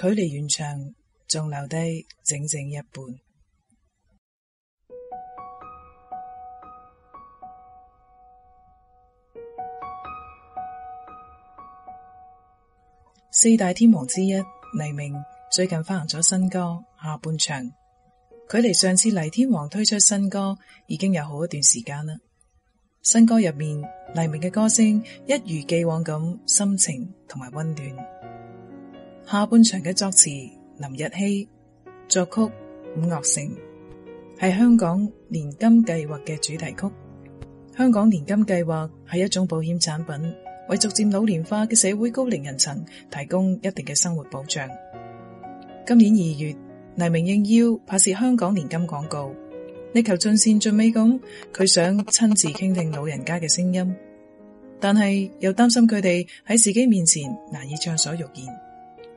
距離完場仲留低整整一半。四大天王之一黎明最近發行咗新歌下半場，距離上次黎天王推出新歌已經有好一段時間啦。新歌入面，黎明嘅歌聲一如既往咁深情同埋溫暖。下半場嘅作詞林日曦，作曲伍樂城，係香港年金計劃嘅主題曲。香港年金計劃係一種保險產品，為逐漸老年化嘅社會高齡人層提供一定嘅生活保障。今年二月，黎明應邀拍攝香港年金廣告，力求盡善盡美。咁佢想親自傾聽老人家嘅聲音，但係又擔心佢哋喺自己面前難以暢所欲言。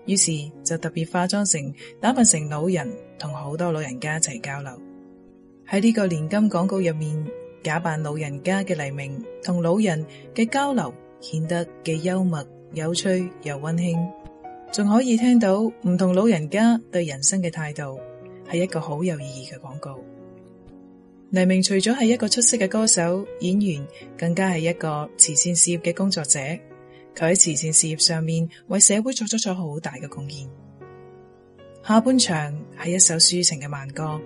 於是就特別化妝成打扮成老人，同好多老人家一齊交流。喺呢個年金廣告入面，假扮老人家嘅黎明同老人嘅交流，顯得既幽默、有趣又温馨，仲可以聽到唔同老人家對人生嘅態度，係一個好有意義嘅廣告。黎明除咗係一個出色嘅歌手、演員，更加係一個慈善事業嘅工作者。佢喺慈善事業上面為社會作出咗好大嘅貢獻。下半場係一首抒情嘅慢歌，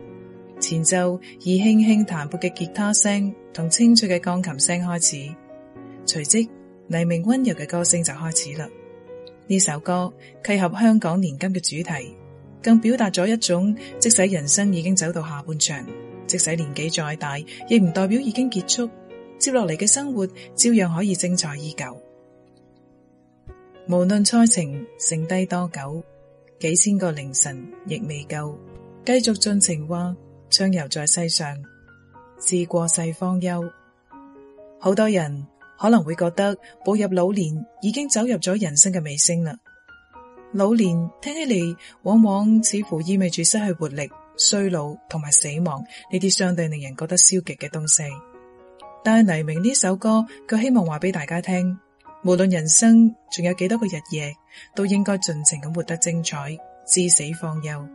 前奏以輕輕彈撥嘅吉他聲同清脆嘅鋼琴聲開始，隨即黎明溫柔嘅歌聲就開始啦。呢首歌契合香港年金嘅主題，更表達咗一種即使人生已經走到下半場，即使年紀再大，亦唔代表已經結束，接落嚟嘅生活照樣可以精彩依舊。無論賽程剩低多久，幾千個凌晨亦未夠，繼續盡情話，暢遊在世上，自過世方休。好多人可能會覺得步入老年已經走入咗人生嘅尾聲啦。老年聽起嚟，往往似乎意味住失去活力、衰老同埋死亡呢啲相對令人覺得消極嘅東西。但係黎明呢首歌，佢希望話俾大家聽。無論人生仲有幾多個日夜，都應該盡情咁活得精彩，至死方休。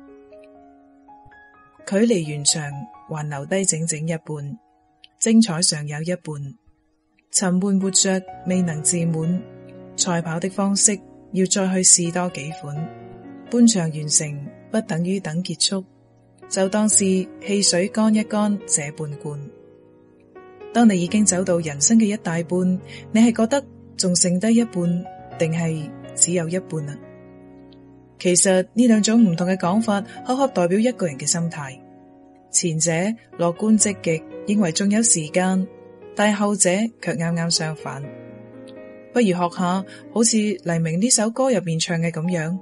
距離完場還留低整整一半，精彩尚有一半。沉悶活着未能自滿，賽跑的方式要再去試多幾款。半場完成不等於等結束，就當是汽水乾一乾這半罐。當你已經走到人生嘅一大半，你係覺得。仲剩低一半，定係只有一半啊？其實呢兩種唔同嘅講法，恰恰代表一個人嘅心態。前者樂觀積極，認為仲有時間；但後者卻啱啱相反。不如學下好似黎明呢首歌入面唱嘅咁樣，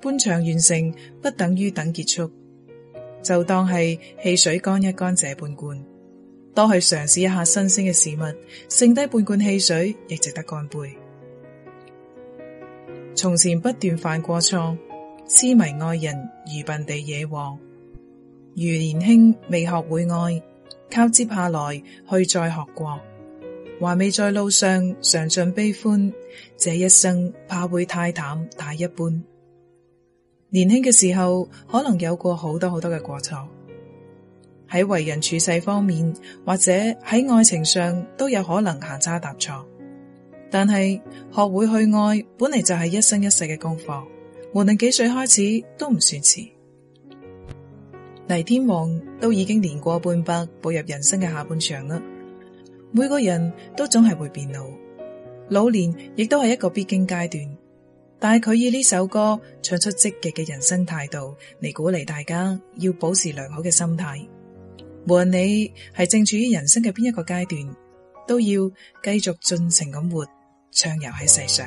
半場完成不等於等結束，就當係汽水乾一乾這半罐。多去嘗試一下新鮮嘅事物，剩低半罐汽水亦值得乾杯。從前不斷犯過錯，癡迷愛人，愚笨地惹禍。如年輕未學會愛，靠接下來去再學過，還未在路上嘗盡悲歡，這一生怕會太淡太一般。年輕嘅時候，可能有過好多好多嘅過錯。喺為人處世方面，或者喺愛情上都有可能行差踏錯。但係學會去愛，本嚟就係一生一世嘅功課。無論幾歲開始，都唔算遲。黎天王都已經年過半百，步入人生嘅下半場啦。每個人都總係會變老，老年亦都係一個必經階段。但係佢以呢首歌唱出積極嘅人生態度，嚟鼓勵大家要保持良好嘅心態。無論你係正處於人生嘅邊一個階段，都要繼續盡情咁活，暢遊喺世上。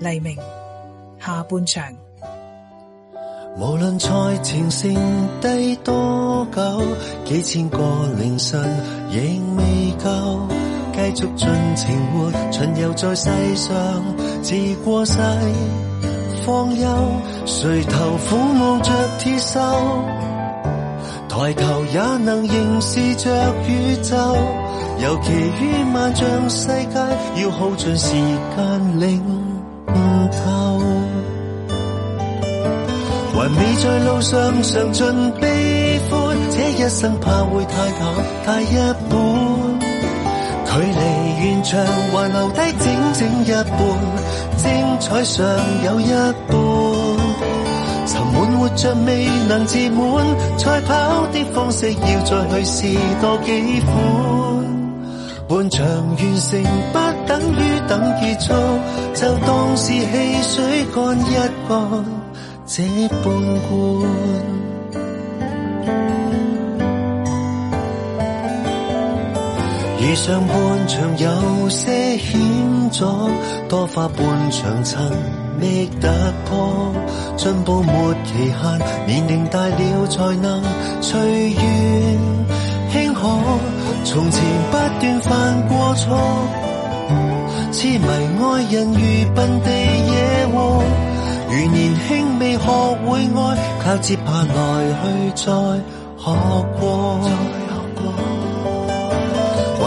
黎明下半場，無論賽前剩低多久，幾千個凌晨仍未夠，繼續盡情活，巡遊在世上，自過世，放憂，垂頭苦，望着鐵銹，抬頭也能凝視着宇宙，尤其於萬丈世界，要耗盡時間領悟透。還未在路上嘗盡悲歡，這一生怕會太淡太一般。距離完場，還留低整整一半，精彩尚有一半。活着未能自滿，賽跑的方式要再去試多幾款。半場完成不等於等結束，就當是汽水乾一乾這半罐。上半場有些險阻，多花半場尋覓突破。進步沒期限，年齡大了才能隨緣輕可。從前不斷犯過錯，痴、嗯、迷愛人如笨地野火。如年輕未學會愛，靠接下來去再學過。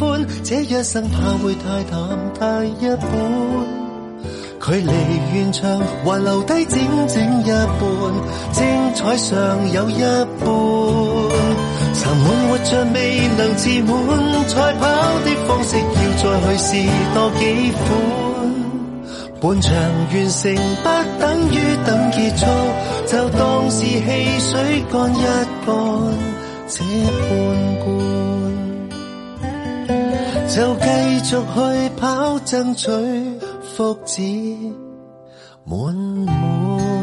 歡，這一生怕會太淡太一般。距離完場還留低整整一半，精彩尚有一半。沉悶活着未能自滿，賽跑的方式要再去試多幾款。半場完成不等於等結束，就當是汽水乾一乾，這半罐。就繼續去跑，爭取福祉滿滿。